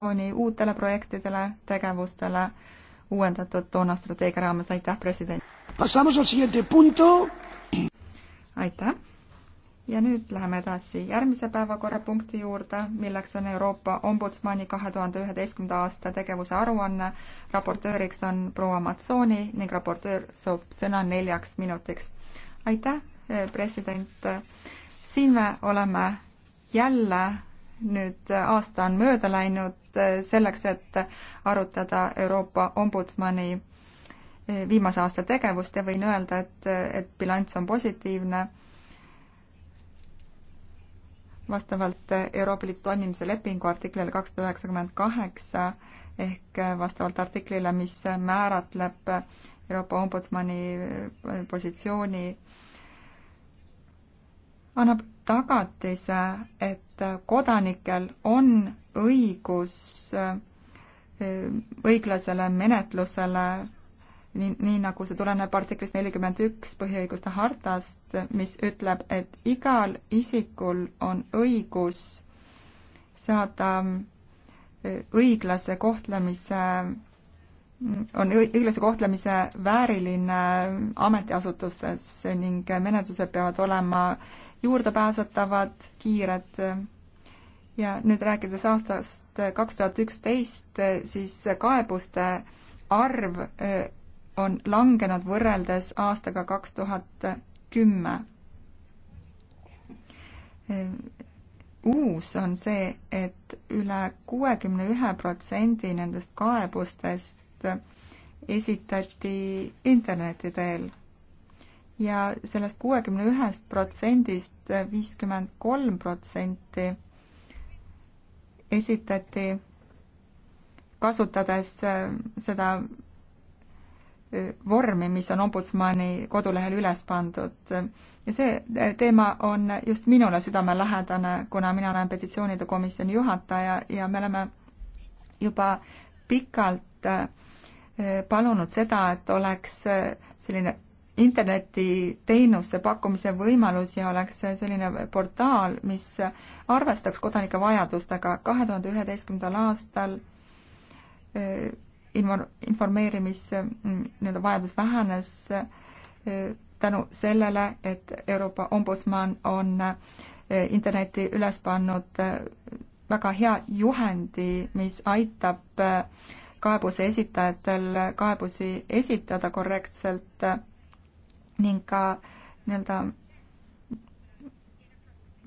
organisatsiooni uutele projektidele, tegevustele uuendatud toona strateegia raames, aitäh, president! aitäh! ja nüüd läheme edasi järgmise päevakorrapunkti juurde, milleks on Euroopa Ombudsmani kahe tuhande üheteistkümnenda aasta tegevuse aruanne. raportööriks on proua Matsooni ning raportöör saab sõna neljaks minutiks. aitäh, eh, president! siin me oleme jälle nüüd aasta on mööda läinud Eh, selleks, et arutada Euroopa Ombudsmani eh, viimase aasta tegevust ja võin öelda, et, eh, et bilanss on positiivne. vastavalt Euroopa Liidu toimimise lepingu artiklile kakssada üheksakümmend kaheksa ehk vastavalt artiklile, mis määratleb Euroopa Ombudsmani positsiooni annab tagatise, et kodanikel on õigus äh, õiglasele menetlusele, nii, nii nagu see tuleneb artiklist nelikümmend üks põhiõiguste hartast, mis ütleb, et igal isikul on õigus saada äh, õiglase kohtlemise, on õiglase kohtlemise vääriline ametiasutustes ning menetlused peavad olema äh, juurdepääsetavad, kiired ja nüüd rääkides aastast kaks tuhat üksteist, siis kaebuste arv eh, on langenud võrreldes aastaga kaks tuhat kümme. Eh, uus on see, et üle kuuekümne ühe protsendi nendest kaebustest esitati interneti teel ja sellest kuuekümne ühest protsendist viiskümmend kolm protsenti esitati kasutades äh, seda äh, vormi, mis on Ombudsmani kodulehel üles pandud. ja see äh, teema on just minule südamelähedane, kuna mina olen petitsioonide komisjoni juhataja ja me oleme juba pikalt palunud seda, et oleks selline internetiteenuse pakkumise võimalus ja oleks selline portaal, mis arvestaks kodanike vajadustega. kahe tuhande üheteistkümnendal aastal eh, informeerimise nii-öelda vajadus vähenes eh, tänu sellele, et Euroopa ombudsman on eh, interneti üles pannud väga hea juhendi, mis aitab kaebuse esitajatel kaebusi esitada korrektselt ning ka nii-öelda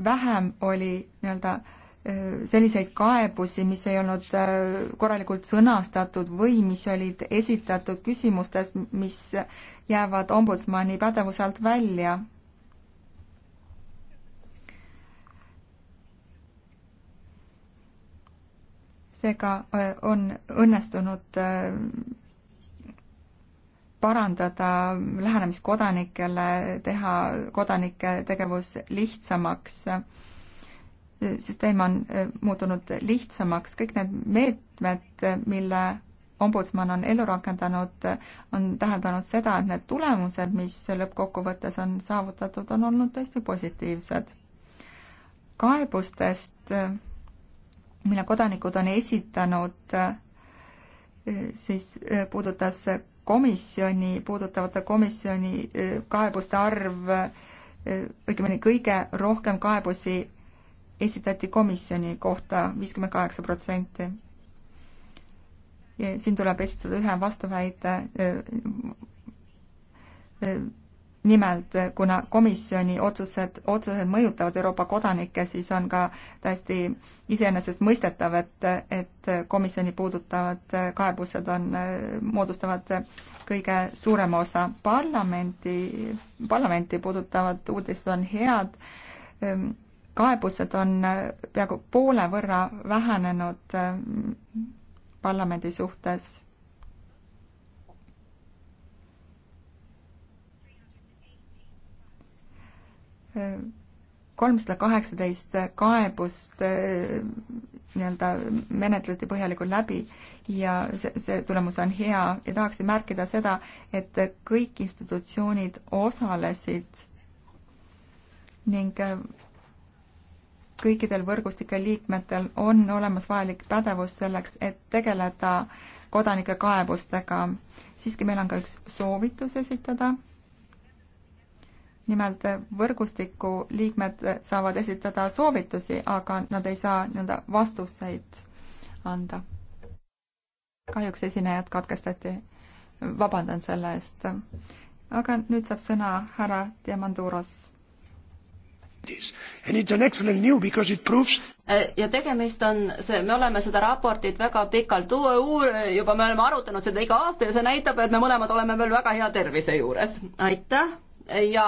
vähem oli nii-öelda äh, selliseid kaebusi, mis ei olnud äh, korralikult sõnastatud või mis olid esitatud küsimustest, mis jäävad ombudsmani pädevuse alt välja. seega äh, on õnnestunud parandada lähenemist kodanikele, teha kodanike tegevus lihtsamaks. süsteem on eh, muutunud lihtsamaks, kõik need meetmed, mille ombudsman on ellu rakendanud, on täheldanud seda, et need tulemused, mis lõppkokkuvõttes on saavutatud, on olnud tõesti positiivsed. kaebustest, mille kodanikud on esitanud, eh, siis eh, puudutas komisjoni, puudutavate komisjoni eh, kaebuste arv, eh, õigemini kõige rohkem kaebusi esitati komisjoni kohta, viiskümmend kaheksa protsenti. siin tuleb esitada ühe vastuväide eh, nimelt, kuna komisjoni otsused otseselt mõjutavad Euroopa kodanikke, siis on ka täiesti iseenesestmõistetav, et, et komisjoni puudutavad kaebused on, moodustavad kõige suurema osa parlamendi, parlamenti puudutavad uudised on head, kaebused on peaaegu poole võrra vähenenud mm, parlamendi suhtes kolmsada kaheksateist kaebust äh, nii-öelda menetleti põhjalikult läbi ja see, see tulemus on hea ja tahaksin märkida seda, et kõik institutsioonid osalesid ning äh, kõikidel võrgustike liikmetel on olemas vajalik pädevus selleks, et tegeleda kodanike kaebustega. siiski meil on ka üks soovitus esitada nimelt võrgustiku liikmed saavad esitada soovitusi, aga nad ei saa nii-öelda vastuseid anda. kahjuks esinejad katkestati. vabandan selle eest. aga nüüd saab sõna härra Diamanduros. And it's an excellent new because it proves äh, ja tegemist on see, me oleme seda raportit väga pikalt uur, juba me oleme arutanud seda iga aasta ja see näitab, et me mõlemad oleme veel väga hea tervise juures. aitäh ja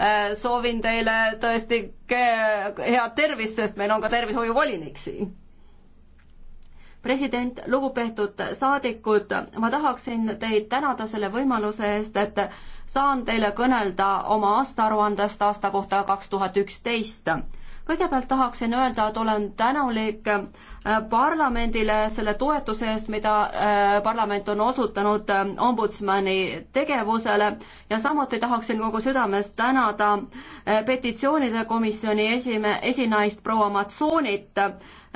Äh, soovin teile tõesti head tervist, sest meil on ka tervishoiuvolinik siin. president, lugupeetud saadikud, ma tahaksin teid tänada selle võimaluse eest, et saan teile kõnelda oma aastaaruandest aasta kohta kaks tuhat üksteist kõigepealt tahaksin öelda, et olen tänulik äh, parlamendile selle toetuse eest, mida äh, parlament on osutanud äh, ombudsmani tegevusele ja samuti tahaksin kogu südamest tänada petitsioonide komisjoni esime-, esinaist proua Matsoonit,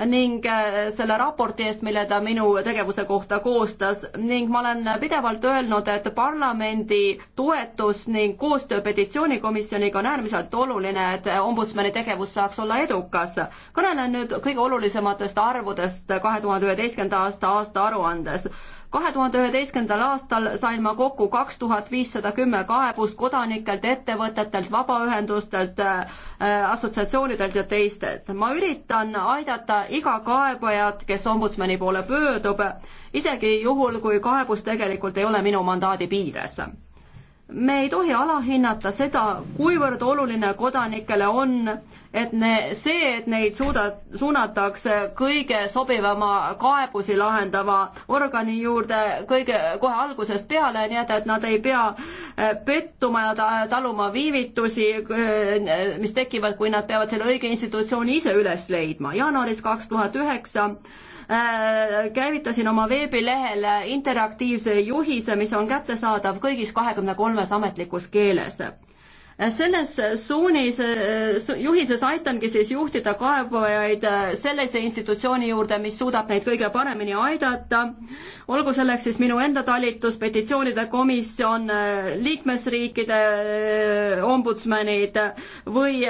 ning äh, selle raporti eest, mille ta minu tegevuse kohta koostas ning ma olen pidevalt öelnud, et parlamendi toetus ning koostöö petitsioonikomisjoniga on äärmiselt oluline, et ombudsmani tegevus saaks olla edukas. kõnelen nüüd kõige olulisematest arvudest kahe tuhande üheteistkümnenda aasta aasta aruandes kahe tuhande üheteistkümnendal aastal sain ma kokku kaks tuhat viissada kümme kaebust kodanikelt, ettevõtetelt, vabaühendustelt, äh, äh, assotsiatsioonidelt ja teistelt. ma üritan aidata iga kaebajat, kes ombudsmani poole pöördub, isegi juhul, kui kaebus tegelikult ei ole minu mandaadi piires me ei tohi alahinnata seda, kuivõrd oluline kodanikele on, et ne, see, et neid suuda, suunatakse kõige sobivama kaebusi lahendava organi juurde kõige, kohe algusest peale, nii et, et nad ei pea eh, pettuma ja ta, taluma viivitusi, eh, mis tekivad, kui nad peavad selle õige institutsiooni ise üles leidma. jaanuaris kaks tuhat üheksa Äh, käivitasin oma veebilehel interaktiivse juhise, mis on kättesaadav kõigis kahekümne kolmes ametlikus keeles selles suunis, eh, juhises aitangi siis juhtida kaebajaid eh, sellise institutsiooni juurde, mis suudab neid kõige paremini aidata, olgu selleks siis minu enda talitus, petitsioonide komisjon, eh, liikmesriikide ombudsmanid või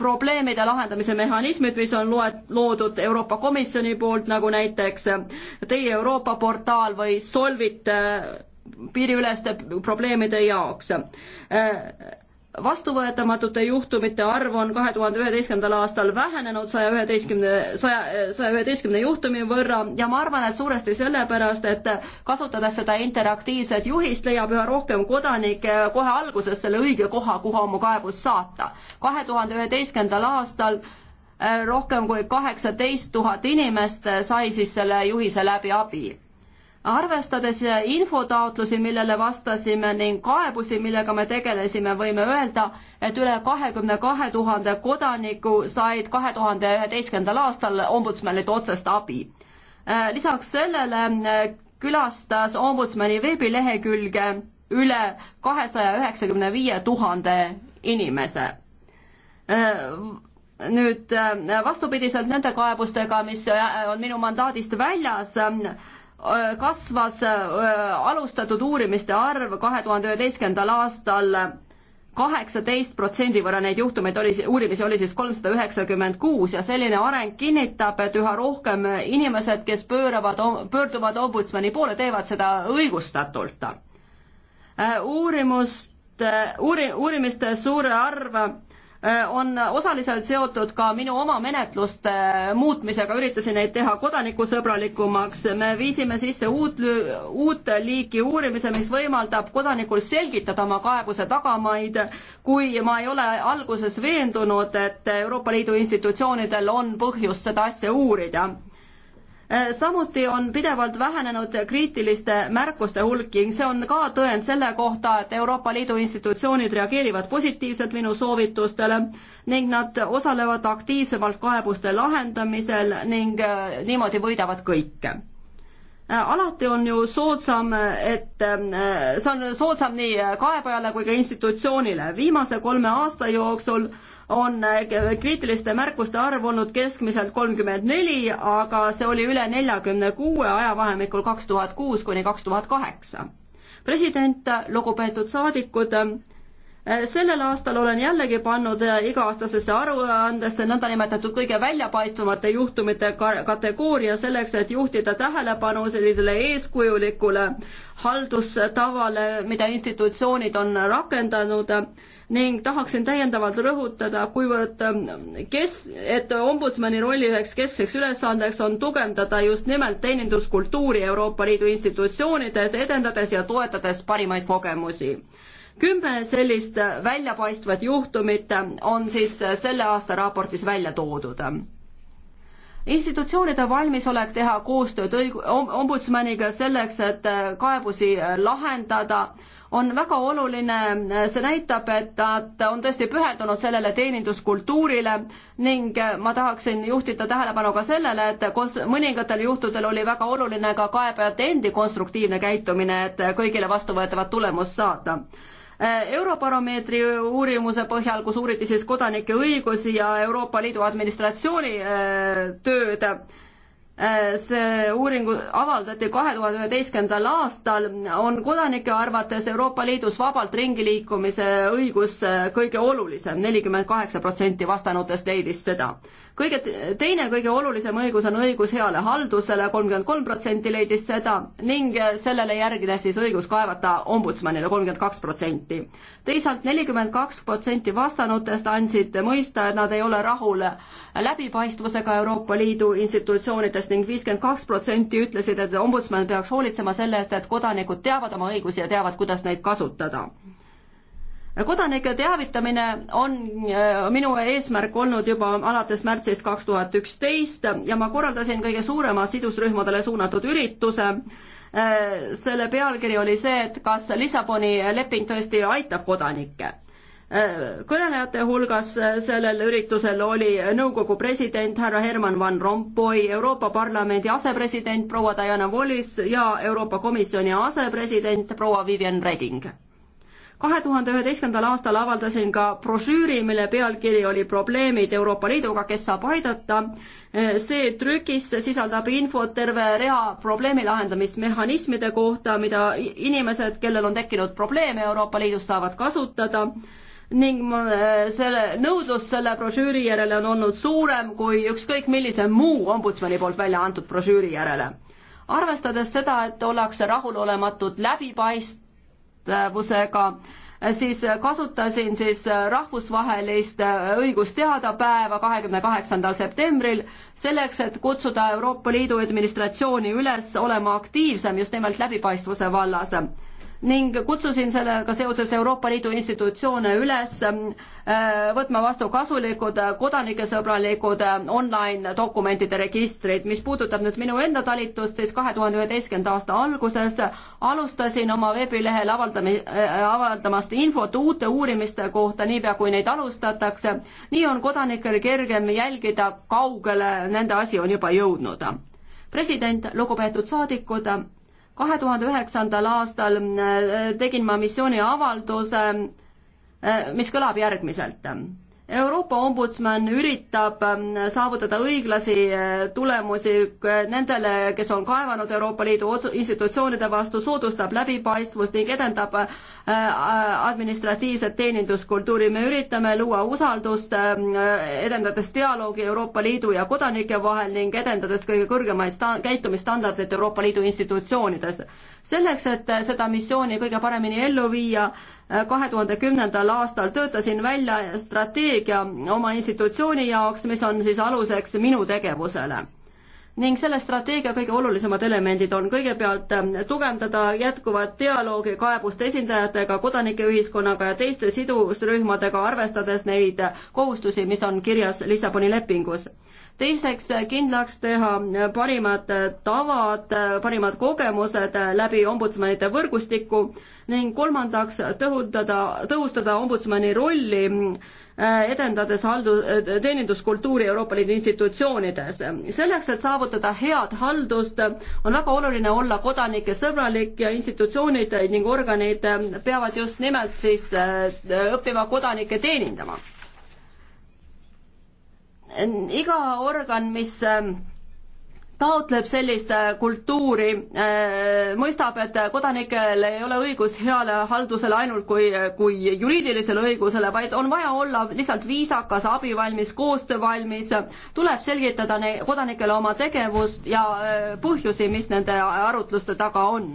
probleemide lahendamise mehhanismid, mis on loet-, loodud Euroopa Komisjoni poolt, nagu näiteks Teie Euroopa portaal või Solvit piiriüleste probleemide jaoks vastuvõetamatute juhtumite arv on kahe tuhande üheteistkümnendal aastal vähenenud saja üheteistkümne, saja, saja üheteistkümne juhtumi võrra ja ma arvan, et suuresti sellepärast, et kasutades seda interaktiivset juhist, leiab üha rohkem kodanikke kohe alguses selle õige koha, kuhu oma kaebus saata. kahe tuhande üheteistkümnendal aastal eh, rohkem kui kaheksateist tuhat inimest eh, sai siis selle juhise läbi abi arvestades infotaotlusi, millele vastasime ning kaebusi, millega me tegelesime, võime öelda, et üle kahekümne kahe tuhande kodaniku said kahe tuhande üheteistkümnendal aastal ombudsmanilt otsest abi. Äh, lisaks sellele äh, külastas ombudsmani veebilehekülge üle kahesaja üheksakümne viie tuhande inimese äh, nüüd vastupidiselt nende kaebustega, mis on minu mandaadist väljas, kasvas äh, alustatud uurimiste arv kahe tuhande üheteistkümnendal aastal kaheksateist protsendi võrra neid juhtumeid oli, uurimisi oli siis kolmsada üheksakümmend kuus ja selline areng kinnitab, et üha rohkem inimesed, kes pööravad, pöörduvad ombudsmani poole, teevad seda õigustatult. Äh, uurimust, äh, uuri-, uurimiste suur arv Äh, on osaliselt seotud ka minu oma menetluste äh, muutmisega, üritasin neid teha kodanikusõbralikumaks, me viisime sisse uut, uut liiki uurimise, mis võimaldab kodanikul selgitada oma kaebuse tagamaid, kui ma ei ole alguses veendunud, et Euroopa Liidu institutsioonidel on põhjust seda asja uurida Äh, samuti on pidevalt vähenenud kriitiliste märkuste hulk ning see on ka tõend selle kohta, et Euroopa Liidu institutsioonid reageerivad positiivselt minu soovitustele ning nad osalevad aktiivsemalt kaebuste lahendamisel ning äh, niimoodi võidavad kõik äh, alati on ju soodsam, et see on soodsam nii kaebajale kui ka institutsioonile. viimase kolme aasta jooksul on äh, kriitiliste märkuste arv olnud keskmiselt kolmkümmend neli, aga see oli üle neljakümne kuue ajavahemikul kaks tuhat kuus kuni kaks tuhat kaheksa. president, lugupeetud saadikud, äh, sellel aastal olen jällegi pannud äh, iga-aastasesse aruandesse nõndanimetatud kõige väljapaistvamate juhtumite kategooria selleks, et juhtida tähelepanu sellisele eeskujulikule haldustavale, mida institutsioonid on rakendanud ning tahaksin täiendavalt rõhutada, kuivõrd ähm, kes, et ombudsmani rolli üheks keskseks ülesandeks on tugevdada just nimelt teeninduskultuuri Euroopa Liidu institutsioonides, edendades ja toetades parimaid kogemusi kümme sellist väljapaistvat juhtumit on siis selle aasta raportis välja toodud institutsioonide valmisolek teha koostööd õig-, ombudsmaniga selleks, et äh, kaebusi äh, lahendada, on väga oluline, see näitab, et nad on tõesti pühendunud sellele teeninduskultuurile ning äh, ma tahaksin juhtida tähelepanu ka sellele, et kons-, mõningatel juhtudel oli väga oluline ka kaebajate endi konstruktiivne käitumine, et kõigile vastuvõetavat tulemust saada Äh, Eurobaromeetri uurimuse põhjal, kus uuriti siis kodanike õigusi ja Euroopa Liidu administratsiooni äh, tööd, äh, see uuring avaldati kahe tuhande üheteistkümnendal aastal, on kodanike arvates Euroopa Liidus vabalt ringi liikumise õigus kõige olulisem, nelikümmend kaheksa protsenti vastanutest leidis seda kõige, teine kõige olulisem õigus on õigus heale haldusele, kolmkümmend kolm protsenti leidis seda ning sellele järgnes siis õigus kaevata ombudsmanile kolmkümmend kaks protsenti. teisalt nelikümmend kaks protsenti vastanutest andsid mõista, et nad ei ole rahul läbipaistvusega Euroopa Liidu institutsioonides ning viiskümmend kaks protsenti ütlesid, et ombudsman peaks hoolitsema selle eest, et kodanikud teavad oma õigusi ja teavad, kuidas neid kasutada kodanike teavitamine on äh, minu eesmärk olnud juba alates märtsist kaks tuhat üksteist ja ma korraldasin kõige suurema sidusrühmadele suunatud ürituse. Äh, selle pealkiri oli see, et kas Lissaboni leping tõesti aitab kodanikke äh, kõnelejate hulgas sellel üritusel oli nõukogu president härra Herman Van Rompuy, Euroopa Parlamendi asepresident proua Diana Wallis ja Euroopa Komisjoni asepresident proua Vivian Reding kahe tuhande üheteistkümnendal aastal avaldasin ka brošüüri, mille pealkiri oli Probleemid Euroopa Liiduga, kes saab aidata. see trükis sisaldab infot terve rea probleemi lahendamismehhanismide kohta, mida inimesed, kellel on tekkinud probleeme Euroopa Liidus, saavad kasutada ning selle, nõudlus selle brošüüri järele on olnud suurem kui ükskõik millise muu ombudsmani poolt välja antud brošüüri järele. arvestades seda, et ollakse rahulolematud läbipaist-, pädevusega, siis kasutasin siis rahvusvahelist õigusteadapäeva kahekümne kaheksandal septembril selleks, et kutsuda Euroopa Liidu administratsiooni üles olema aktiivsem just nimelt läbipaistvuse vallas ning kutsusin sellega seoses Euroopa Liidu institutsioone üles äh, võtma vastu kasulikud, äh, kodanikesõbralikud äh, online dokumentide registrid. mis puudutab nüüd minu enda talitust, siis kahe tuhande üheteistkümnenda aasta alguses alustasin oma veebilehel avaldami-, avaldamast infot uute uurimiste kohta, niipea kui neid alustatakse. nii on kodanikel kergem jälgida, kaugele nende asi on juba jõudnud. president, lugupeetud saadikud kahe tuhande üheksandal aastal äh, tegin ma missiooniavalduse, äh, mis kõlab järgmiselt Euroopa ombudsman üritab ähm, saavutada õiglasi äh, tulemusi nendele, kes on kaevanud Euroopa Liidu institutsioonide vastu, soodustab läbipaistvust ning edendab äh, äh, administratiivset teeninduskultuuri. me üritame luua usaldust, ähm, edendades dialoogi Euroopa Liidu ja kodanike vahel ning edendades kõige kõrgemaid sta-, käitumisstandardeid Euroopa Liidu institutsioonides. selleks, et seda missiooni kõige paremini ellu viia, kahe tuhande kümnendal aastal töötasin välja strateegia oma institutsiooni jaoks, mis on siis aluseks minu tegevusele. ning selle strateegia kõige olulisemad elemendid on kõigepealt ähm, tugevdada jätkuvat dialoogi kaebuste esindajatega, kodanikeühiskonnaga ja teiste sidusrühmadega, arvestades neid kohustusi, mis on kirjas Lissaboni lepingus teiseks kindlaks teha parimad tavad, parimad kogemused läbi ombudsmanide võrgustiku ning kolmandaks tõhutada, tõhustada ombudsmani rolli äh, edendades haldu-, teeninduskultuuri Euroopa Liidu institutsioonides. selleks, et saavutada head haldust, on väga oluline olla kodanike sõbralik ja institutsioonid ning organid peavad just nimelt siis äh, õppima kodanikke teenindama iga organ, mis ähm, taotleb sellist äh, kultuuri, äh, mõistab, et kodanikel ei ole õigus heale haldusele ainult kui, kui juriidilisele õigusele, vaid on vaja olla lihtsalt viisakas, abivalmis, koostöövalmis, tuleb selgitada kodanikele oma tegevust ja äh, põhjusi, mis nende arutluste taga on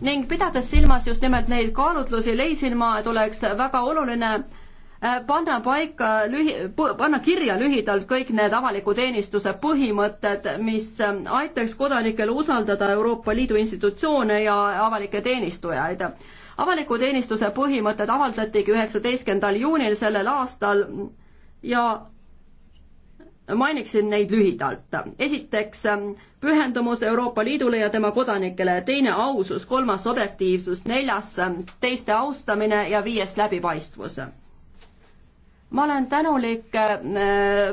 ning pidades silmas just nimelt neid kaalutlusi, leisin ma, et oleks väga oluline Äh, panna paika, panna kirja lühidalt kõik need avaliku teenistuse põhimõtted, mis ähm, aitaks kodanikel usaldada Euroopa Liidu institutsioone ja avalikke teenistujaid. avaliku teenistuse põhimõtted avaldatigi üheksateistkümnendal juunil sellel aastal ja mainiksin neid lühidalt. esiteks ähm, pühendumus Euroopa Liidule ja tema kodanikele, teine ausus, kolmas objektiivsus, neljas ähm, teiste austamine ja viies läbipaistvus ma olen tänulik äh,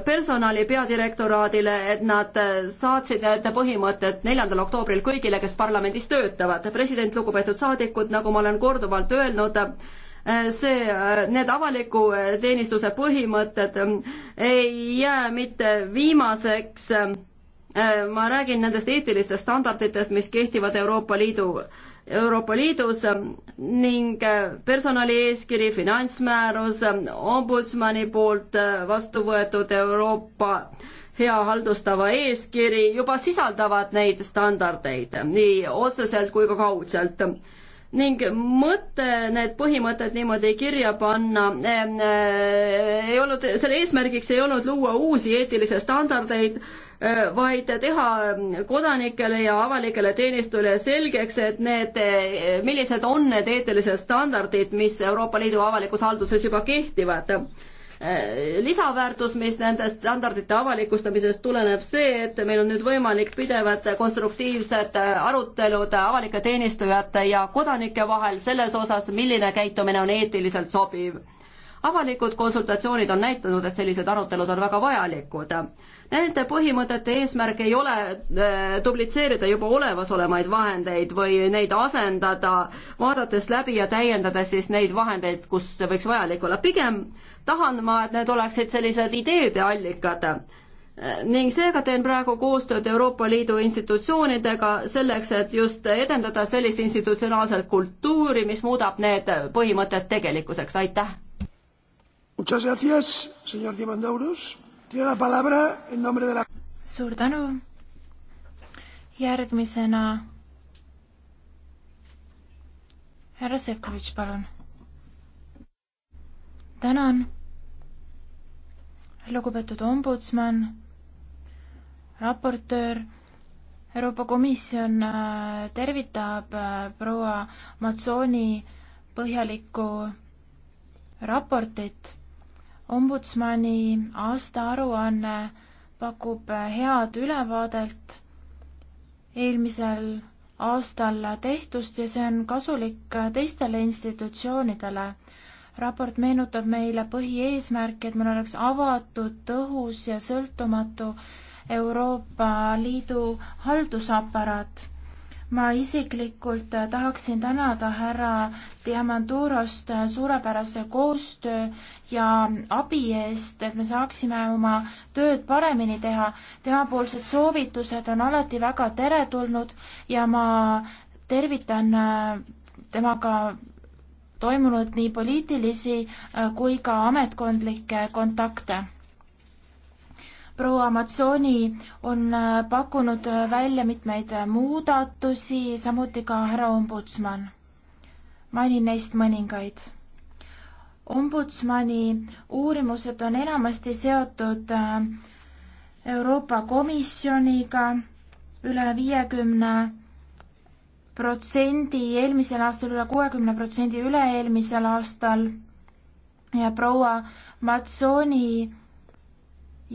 personali peadirektoraadile, et nad äh, saatsid need põhimõtted neljandal oktoobril kõigile, kes parlamendis töötavad. president, lugupeetud saadikud, nagu ma olen korduvalt öelnud, äh, see, need avaliku teenistuse põhimõtted ei jää mitte viimaseks ma räägin nendest eetilistest standarditest, mis kehtivad Euroopa Liidu Euroopa Liidus ning personalieeskiri, finantsmäärus, ombudsmani poolt vastu võetud Euroopa hea haldustava eeskiri juba sisaldavad neid standardeid nii otseselt kui ka kaudselt ning mõte need põhimõtted niimoodi kirja panna eh, eh, ei olnud, selle eesmärgiks ei olnud luua uusi eetilisi standardeid, Äh, vaid teha ähm, kodanikele ja avalikele teenistujale selgeks, et need, äh, millised on need eetilised standardid, mis Euroopa Liidu avalikus halduses juba kehtivad. Äh, lisaväärtus, mis nendest standardite avalikustamisest tuleneb see, et meil on nüüd võimalik pidevad konstruktiivsed arutelud avalike teenistujate ja kodanike vahel selles osas, milline käitumine on eetiliselt sobiv avalikud konsultatsioonid on näitanud, et sellised arutelud on väga vajalikud. Nende põhimõtete eesmärk ei ole äh, dublitseerida juba olemasolevaid vahendeid või neid asendada, vaadates läbi ja täiendades siis neid vahendeid, kus see võiks vajalik olla. pigem tahan ma, et need oleksid sellised ideede allikad ning seega teen praegu koostööd Euroopa Liidu institutsioonidega selleks, et just edendada sellist institutsionaalset kultuuri, mis muudab need põhimõtted tegelikkuseks, aitäh! suur tänu. järgmisena härra Sefkovitš, palun. tänan, lugupeetud ombudsman, raportöör Euroopa Komisjon äh, tervitab äh, proua Matsooni põhjalikku raportit ombudsmani aastaaruanne pakub head ülevaadet eelmisel aastal tehtust ja see on kasulik teistele institutsioonidele. raport meenutab meile põhieesmärki, et meil oleks avatud, tõhus ja sõltumatu Euroopa Liidu haldusaparaat ma isiklikult äh, tahaksin tänada härra Diamantourost äh, suurepärase koostöö ja abi eest, et me saaksime oma tööd paremini teha. temapoolsed soovitused on alati väga teretulnud ja ma tervitan äh, temaga toimunud nii poliitilisi kui ka ametkondlikke kontakte proua Mazzoni on äh, pakkunud äh, välja mitmeid äh, muudatusi, samuti ka härra ombudsman. mainin neist mõningaid. ombudsmani uurimused on enamasti seotud Euroopa Komisjoniga üle viiekümne protsendi eelmisel aastal üle, üle kuuekümne protsendi üle-eelmisel aastal ja proua Mazzoni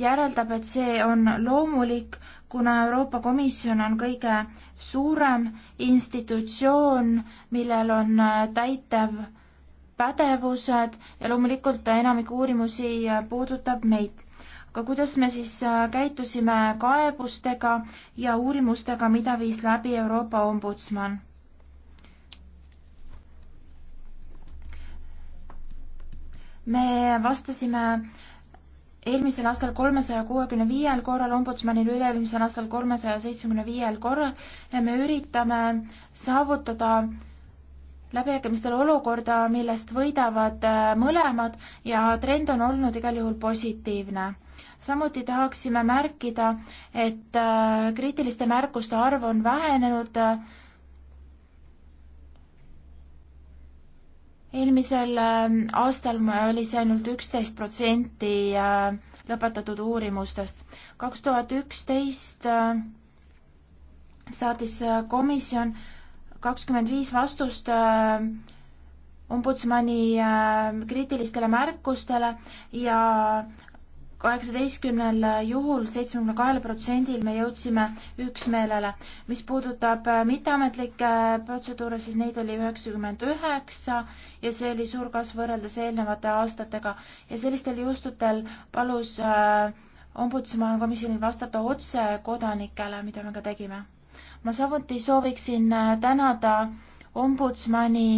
järeldab, et see on loomulik, kuna Euroopa Komisjon on kõige suurem institutsioon, millel on äh, täitev pädevused ja loomulikult enamik uurimusi äh, puudutab meid. aga kuidas me siis äh, käitusime kaebustega ja uurimustega, mida viis läbi Euroopa ombudsman? me vastasime äh, eelmisel aastal kolmesaja kuuekümne viiel korral, ombudsmanil üle-eelmisel aastal kolmesaja seitsmekümne viiel korral ja me üritame saavutada läbirääkimistel olukorda, millest võidavad äh, mõlemad ja trend on olnud igal juhul positiivne. samuti tahaksime märkida, et äh, kriitiliste märkuste arv on vähenenud äh, eelmisel ähm, aastal oli see ainult üksteist protsenti äh, lõpetatud uurimustest. kaks tuhat üksteist äh, saatis äh, komisjon kakskümmend viis vastust ombudsmani kriitilistele märkustele ja kaheksateistkümnel juhul seitsmekümne kahel protsendil me jõudsime üksmeelele. mis puudutab äh, mitteametlikke äh, protseduure, siis neid oli üheksakümmend üheksa ja see oli suur kasv võrreldes eelnevate aastatega ja sellistel juhtudel palus äh, ombudsman komisjonil vastata otse kodanikele, mida me ka tegime. ma samuti sooviksin tänada ombudsmani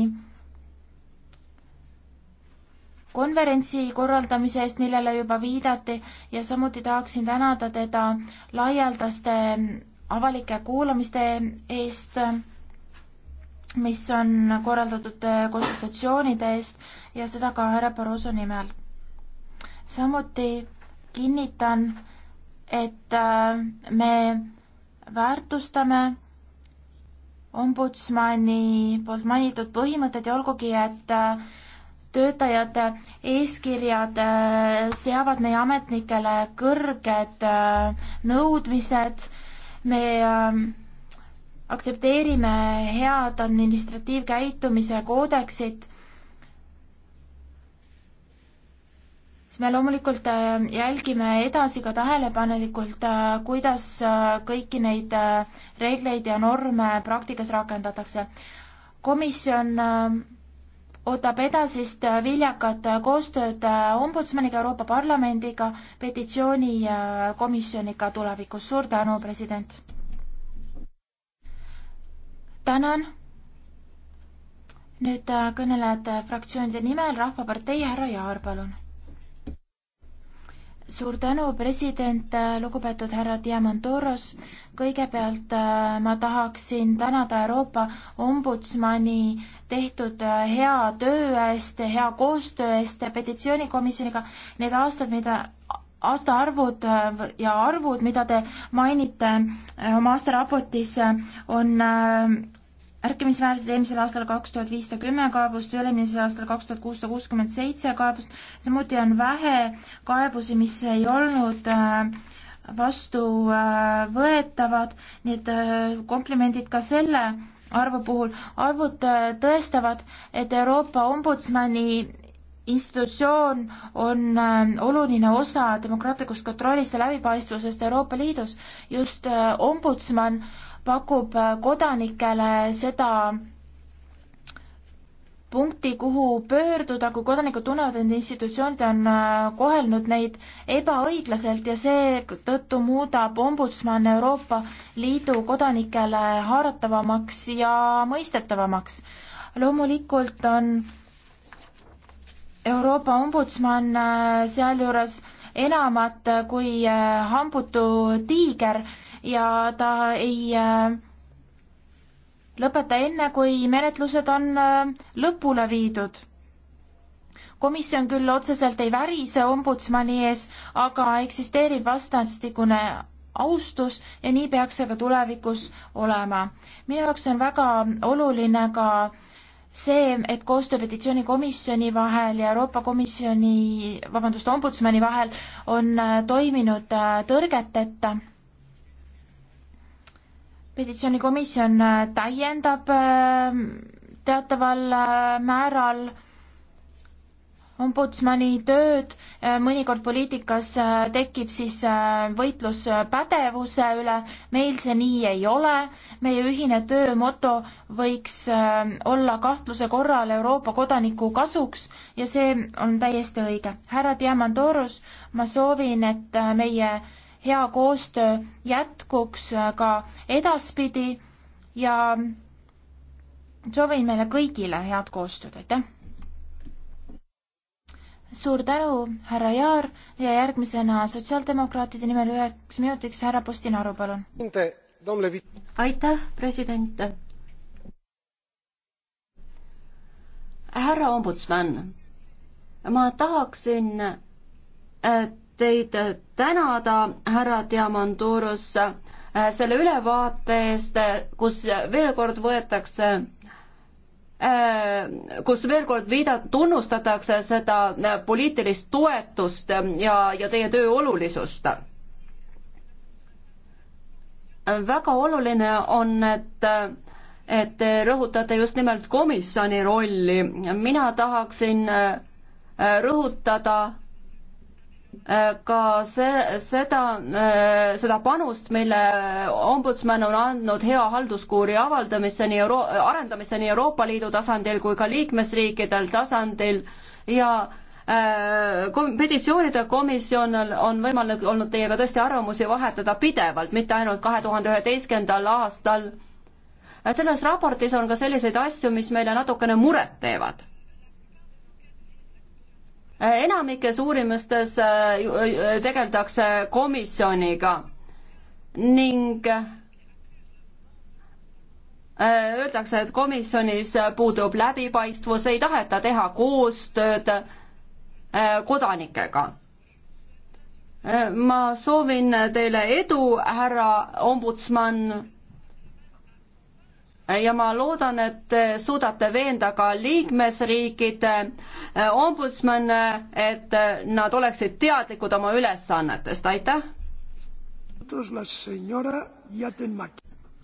konverentsi korraldamise eest, millele juba viidati ja samuti tahaksin tänada teda laialdaste avalike kuulamiste eest, mis on korraldatud äh, konsultatsioonide eest ja seda ka härra Barroso nimel. samuti kinnitan, et äh, me väärtustame ombudsmani poolt mainitud põhimõtted ja olgugi, et äh, töötajate eeskirjad äh, seavad meie ametnikele kõrged äh, nõudmised, me ähm, aktsepteerime head administratiivkäitumise koodeksit, siis me loomulikult äh, jälgime edasi ka tähelepanelikult, kuidas kõiki neid reegleid ja norme praktikas rakendatakse. komisjon ähm, ootab edasist viljakat koostööd ombudsmaniga, Euroopa Parlamendiga, petitsioonikomisjoniga tulevikus. suur tänu, president! tänan! nüüd kõnelejate fraktsioonide nimel Rahvapartei härra Jaar, palun suur tänu, president, lugupeetud härra Diamandoros. kõigepealt äh, ma tahaksin tänada Euroopa Ombudsmani tehtud äh, hea töö eest, hea koostöö eest petitsioonikomisjoniga. Need aastad, mida aastaarvud äh, ja arvud, mida te mainite oma aastaraportis, on märkimisväärselt eelmisel aastal kaks tuhat viissada kümme kaebust, üle-eelmisel aastal kaks tuhat kuussada kuuskümmend seitse kaebust, samuti on vähe kaebusi, mis ei olnud äh, vastuvõetavad, äh, nii et äh, komplimendid ka selle arvu puhul. arvud tõestavad, et Euroopa Ombudsmani institutsioon on oluline osa demokraatlikust kontrollist ja läbipaistvusest Euroopa Liidus. just ombudsman pakub äh, kodanikele seda punkti, kuhu pöörduda, kui kodanikud tunnevad, et institutsioonid on äh, kohelnud neid ebaõiglaselt ja seetõttu muudab ombudsman Euroopa Liidu kodanikele haaratavamaks ja mõistetavamaks. loomulikult on Euroopa ombudsman äh, sealjuures enamat kui hambutu tiiger ja ta ei äh, lõpeta enne, kui menetlused on äh, lõpule viidud. komisjon küll otseselt ei värise ombudsmani ees, aga eksisteerib vastastikune austus ja nii peaks see ka tulevikus olema. minu jaoks on väga oluline ka see, et koostöö petitsioonikomisjoni vahel ja Euroopa Komisjoni, vabandust, ombudsmani vahel on äh, toiminud tõrgeteta petitsioonikomisjon äh, täiendab äh, teataval äh, määral ombudsmani tööd, mõnikord poliitikas tekib siis võitlus pädevuse üle, meil see nii ei ole, meie ühine töömoto võiks olla kahtluse korral Euroopa kodaniku kasuks ja see on täiesti õige. härra Diamantorus, ma soovin, et meie hea koostöö jätkuks ka edaspidi ja soovin meile kõigile head koostööd, aitäh! suur tänu, härra Jaar ja järgmisena sotsiaaldemokraatide nimel üheks minutiks härra Postinaru, palun. aitäh, president. härra ombudsman, ma tahaksin äh, teid tänada, härra Diamandouros, äh, selle ülevaate eest, kus veel kord võetakse äh, kus veel kord viida-, tunnustatakse seda äh, poliitilist toetust ja, ja teie töö olulisust. väga oluline on, et, et te rõhutate just nimelt komisjoni rolli. mina tahaksin rõhutada Äh, ka see, seda, äh, seda panust, mille ombudsman on andnud hea halduskuuri avaldamiseni Euro-, arendamiseni Euroopa Liidu tasandil kui ka liikmesriikidel tasandil ja äh, kom-, petitsioonide komisjon on võimalik olnud teiega tõesti arvamusi vahetada pidevalt, mitte ainult kahe tuhande üheteistkümnendal aastal. Äh, selles raportis on ka selliseid asju, mis meile natukene muret teevad enamikes uurimustes äh, äh, äh, tegeldakse komisjoniga ning öeldakse, et komisjonis puudub läbipaistvus, ei taheta teha koostööd kodanikega. ma soovin teile edu, härra ombudsman ja ma loodan, et te suudate veenda ka liikmesriikide eh, ombudsmane, et eh, nad oleksid teadlikud oma ülesannetest, aitäh.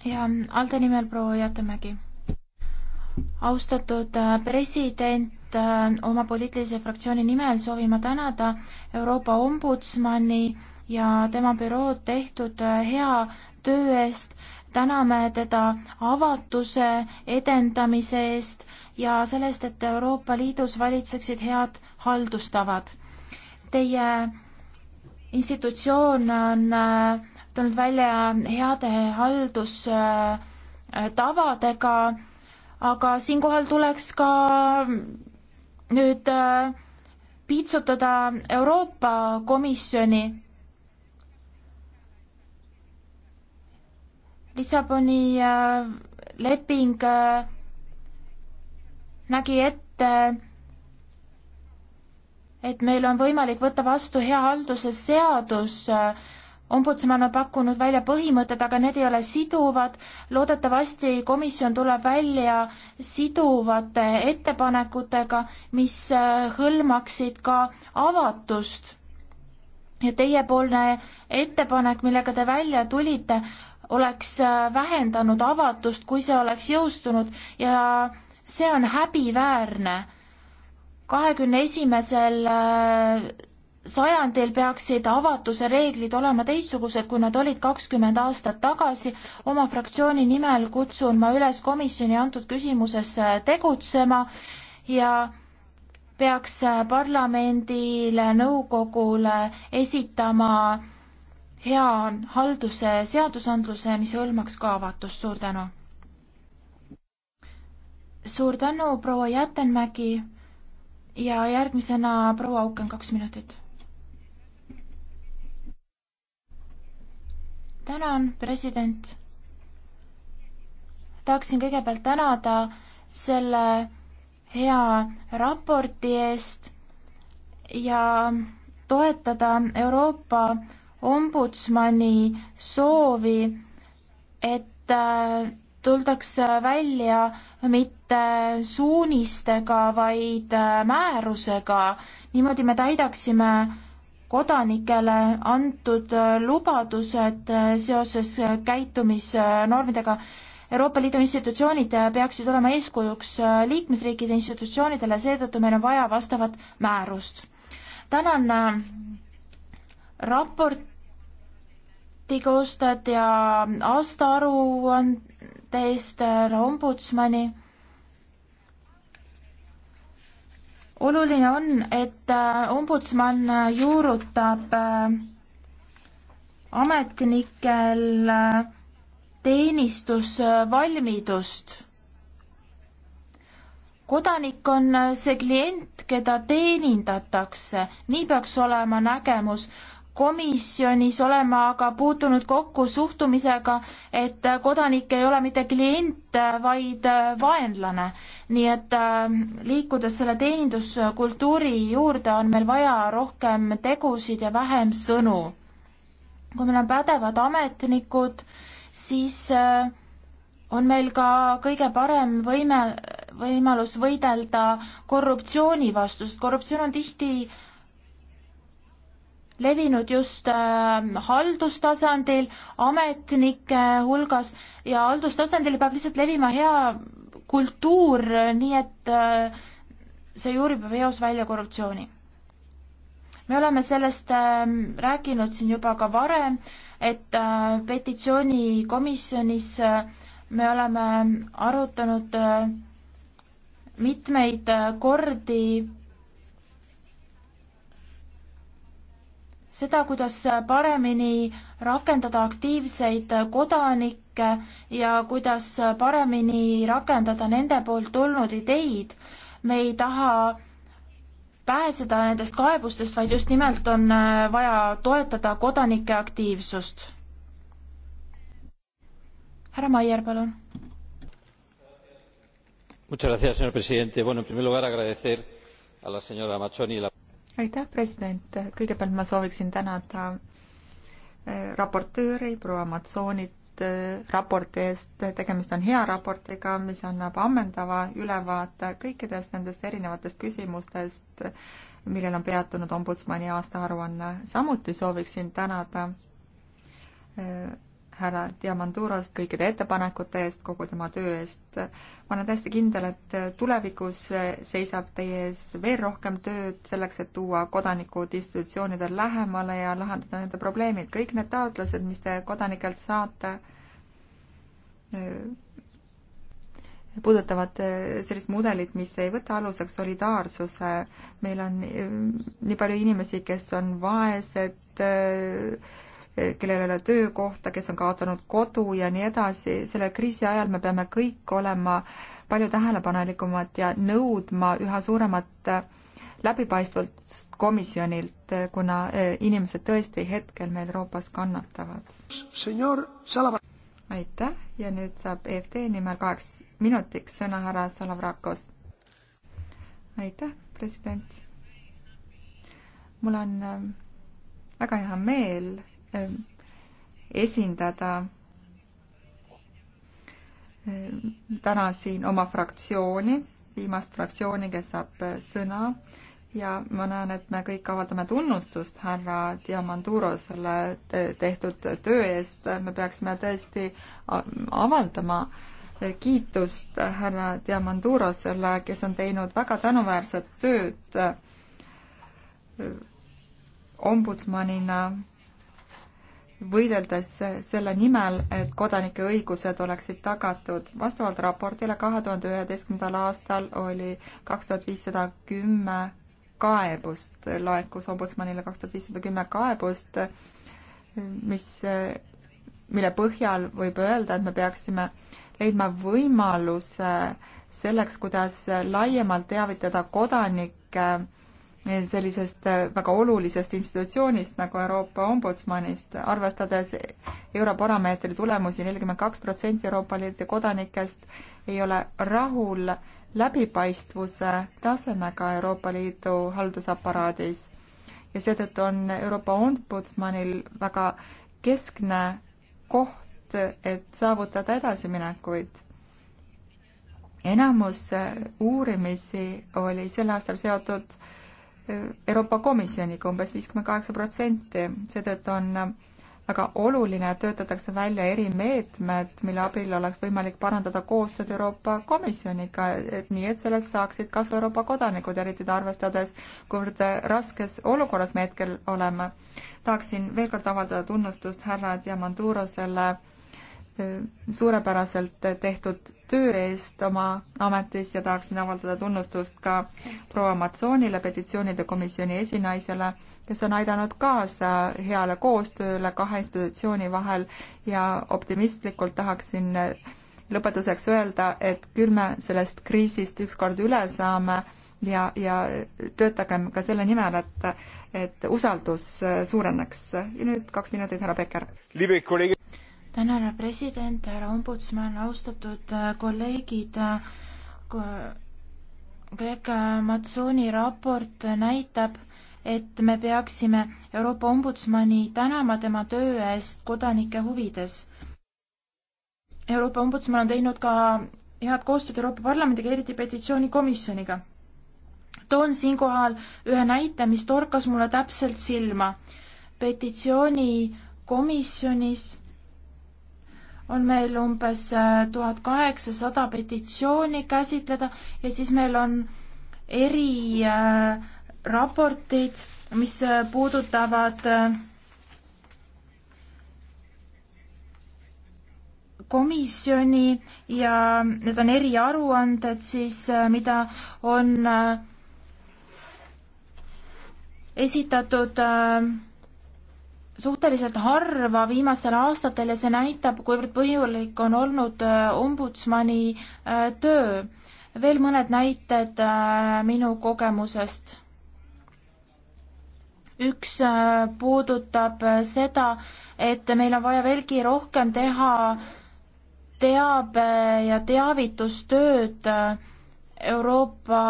ja Alde nimel proua Jätemägi. austatud eh, president, oma poliitilise fraktsiooni nimel soovin ma tänada Euroopa ombudsmani ja tema bürood tehtud hea töö eest täname teda avatuse edendamise eest ja sellest, et Euroopa Liidus valitseksid head haldustavad. Teie institutsioon on äh, tulnud välja heade haldustavadega, aga siinkohal tuleks ka nüüd äh, piitsutada Euroopa Komisjoni Lissaboni äh, leping äh, nägi ette, et meil on võimalik võtta vastu hea halduse seadus. ombudsman on pakkunud välja põhimõtted, aga need ei ole siduvad. loodetavasti komisjon tuleb välja siduvate ettepanekutega, mis äh, hõlmaksid ka avatust ja teiepoolne ettepanek, millega te välja tulite, oleks äh, vähendanud avatust, kui see oleks jõustunud ja see on häbiväärne. kahekümne esimesel äh, sajandil peaksid avatuse reeglid olema teistsugused, kui nad olid kakskümmend aastat tagasi. oma fraktsiooni nimel kutsun ma üles komisjoni antud küsimuses tegutsema ja peaks äh, parlamendile, nõukogule esitama hea on halduse seadusandluse, mis hõlmaks ka avatust. suur tänu! suur tänu, proua Jätenmägi ja järgmisena proua Auken, kaks minutit. tänan, president. tahaksin kõigepealt tänada selle hea raporti eest ja toetada Euroopa ombudsmani soovi, et äh, tuldakse välja mitte suunistega, vaid äh, määrusega. niimoodi me täidaksime kodanikele antud äh, lubadused seoses käitumisnormidega. Euroopa Liidu institutsioonid peaksid olema eeskujuks liikmesriikide institutsioonidele, seetõttu meil on vaja vastavat määrust. tänan raport Lätti koostajat ja aastaaruande eest äh, ombudsmani. oluline on, et äh, ombudsman äh, juurutab ametnikel teenistusvalmidust. kodanik on see klient, keda teenindatakse, nii peaks olema nägemus komisjonis olema aga puutunud kokku suhtumisega, et kodanik ei ole mitte klient, vaid vaenlane. nii et äh, liikudes selle teeninduskultuuri juurde, on meil vaja rohkem tegusid ja vähem sõnu. kui meil on pädevad ametnikud, siis äh, on meil ka kõige parem võime, võimalus võidelda korruptsiooni vastu, sest korruptsioon on tihti levinud just ähm, haldustasandil, ametnike hulgas ja haldustasandil peab lihtsalt levima hea kultuur, nii et äh, see juurib veos välja korruptsiooni. me oleme sellest ähm, rääkinud siin juba ka varem, et äh, petitsioonikomisjonis äh, me oleme arutanud mitmeid kordi seda, kuidas paremini rakendada aktiivseid kodanikke ja kuidas paremini rakendada nende poolt tulnud ideid. me ei taha pääseda nendest kaebustest, vaid just nimelt on äh, vaja toetada kodanike aktiivsust. härra Maier, palun. Muchas gracias, señor presidente. Bueno, en primer lugar agradecer a la señora Machoni la aitäh, president, kõigepealt ma sooviksin tänada äh, raportööri proua Matsoonit äh, raporti eest, tegemist on hea raportiga, mis annab ammendava ülevaate kõikidest nendest erinevatest küsimustest, millel on peatunud ombudsmani aastaaruanne. samuti sooviksin tänada äh, härra Diamandurast kõikide ettepanekute eest, kogu tema töö eest. ma olen täiesti kindel, et tulevikus seisab teie ees veel rohkem tööd selleks, et tuua kodanikud institutsioonidele lähemale ja lahendada nende probleemid. kõik need taotlused, mis te kodanikelt saate, puudutavad sellist mudelit, mis ei võta aluseks solidaarsuse. meil on nii palju inimesi, kes on vaesed, kellel ei ole töökohta, kes on kaotanud kodu ja nii edasi, selle kriisi ajal me peame kõik olema palju tähelepanelikumad ja nõudma üha suuremat äh, läbipaistvalt komisjonilt, äh, kuna äh, inimesed tõesti hetkel meil Euroopas kannatavad. aitäh ja nüüd saab EFT nimel kaheks minutiks sõna härra Salavrakos. aitäh, president. mul on väga hea meel Ähm, esindada ähm, täna siin oma fraktsiooni, viimast fraktsiooni, kes saab äh, sõna ja ma näen, et me kõik avaldame tunnustust härra Diamanduro selle tehtud töö eest, me peaksime tõesti avaldama äh, kiitust härra Diamandurosele, kes on teinud väga tänuväärset tööd äh, ombudsmanina võideldes selle nimel, et kodanike õigused oleksid tagatud. vastavalt raportile kahe tuhande üheteistkümnendal aastal oli kaks tuhat viissada kümme kaebust, laekus ombudsmanile kaks tuhat viissada kümme kaebust, mis, mille põhjal võib öelda, et me peaksime leidma võimaluse selleks, kuidas laiemalt teavitada kodanikke sellisest äh, väga olulisest institutsioonist nagu Euroopa Ombudsmanist, arvestades Europarameetri tulemusi, nelikümmend kaks protsenti Euroopa Liidu kodanikest ei ole rahul läbipaistvuse tasemega Euroopa Liidu haldusaparaadis. ja seetõttu on Euroopa Ombudsmanil väga keskne koht, et saavutada edasiminekuid enamus uurimisi oli sel aastal seotud Euroopa Komisjoniga umbes viiskümmend kaheksa protsenti, seetõttu on väga oluline, et töötatakse välja erimeetmed, mille abil oleks võimalik parandada koostööd Euroopa Komisjoniga, et nii, et sellest saaksid kasu Euroopa kodanikud, eriti arvestades, kuivõrd raskes olukorras me hetkel oleme. tahaksin veel kord avaldada tunnustust härra Diamanturosele äh, suurepäraselt tehtud töö eest oma ametis ja tahaksin avaldada tunnustust ka proua Matsoonile, petitsioonide komisjoni esinaisele, kes on aidanud kaasa heale koostööle kahe institutsiooni vahel ja optimistlikult tahaksin lõpetuseks öelda, et küll me sellest kriisist ükskord üle saame ja, ja töötagem ka selle nimel, et, et usaldus suureneks. ja nüüd kaks minutit, härra Peker tänan, härra president, härra ombudsman, austatud äh, kolleegid. Äh, Kreeka Matsooni raport näitab, et me peaksime Euroopa ombudsmani tänama tema töö eest kodanike huvides. Euroopa ombudsman on teinud ka head koostööd Euroopa Parlamendiga, eriti petitsioonikomisjoniga. toon siinkohal ühe näite, mis torkas mulle täpselt silma. petitsioonikomisjonis on meil umbes äh, tuhat kaheksasada petitsiooni käsitleda ja siis meil on eriraportid, äh, mis äh, puudutavad komisjoni ja need on eriaruanded siis, mida on esitatud äh, suhteliselt harva viimastel aastatel ja see näitab, kuivõrd põhjulik on olnud äh, ombudsmani äh, töö. veel mõned näited äh, minu kogemusest. üks puudutab seda, et meil on vaja veelgi rohkem teha teabe- ja teavitustööd Euroopa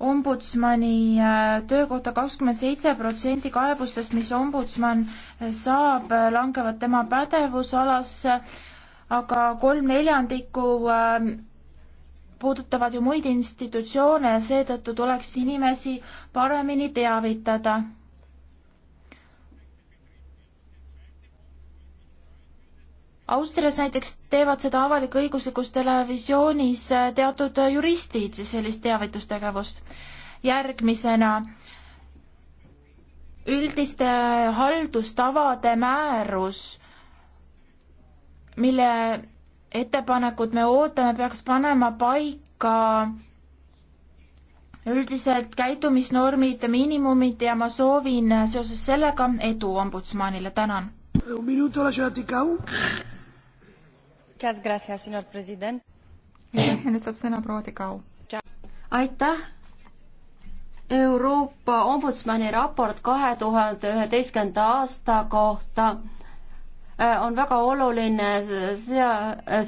ombudsmani äh, töökohta kakskümmend seitse protsenti kaebustest, mis ombudsman äh, saab, äh, langevad tema pädevusalasse, aga kolm neljandikku ähm, puudutavad ju muid institutsioone ja seetõttu tuleks inimesi paremini teavitada Austrias näiteks teevad seda avalik-õiguslikus televisioonis äh, teatud äh, juristid, sellist teavitustegevust. järgmisena üldiste äh, haldustavade määrus, mille ettepanekud me ootame, peaks panema paika üldised käitumisnormid, miinimumid ja ma soovin seoses sellega edu ombudsmanile, tänan aitäh eh, ja nüüd saab sõna proua Tikau. aitäh Euroopa ombudsmani raport kahe tuhande üheteistkümnenda aasta kohta eh, on väga oluline, see,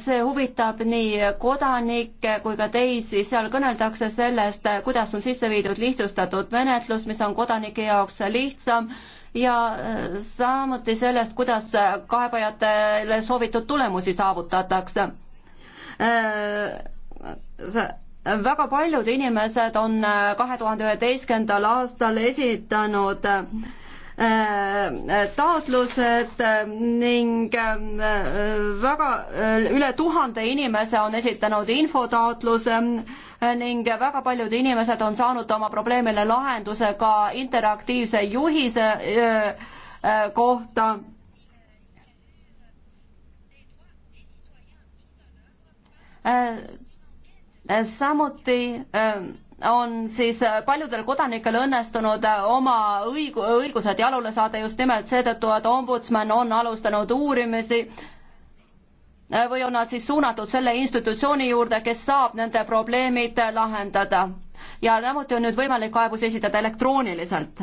see huvitab nii kodanikke kui ka teisi, seal kõneldakse sellest, kuidas on sisse viidud lihtsustatud menetlus, mis on kodanike jaoks lihtsam ja äh, samuti sellest, kuidas äh, kaebajatele soovitud tulemusi saavutatakse äh, väga paljud inimesed on kahe tuhande üheteistkümnendal aastal esitanud Äh, taotlused ning äh, väga äh, üle tuhande inimese on esitanud infotaotluse ning väga paljud inimesed on saanud oma probleemile lahenduse ka interaktiivse juhise kohta samuti on siis paljudel kodanikel õnnestunud oma õig-, õigused jalule saada just nimelt seetõttu, et ombudsman on alustanud uurimisi või on nad siis suunatud selle institutsiooni juurde, kes saab nende probleemid lahendada. ja samuti on nüüd võimalik kaebusi esitada elektrooniliselt.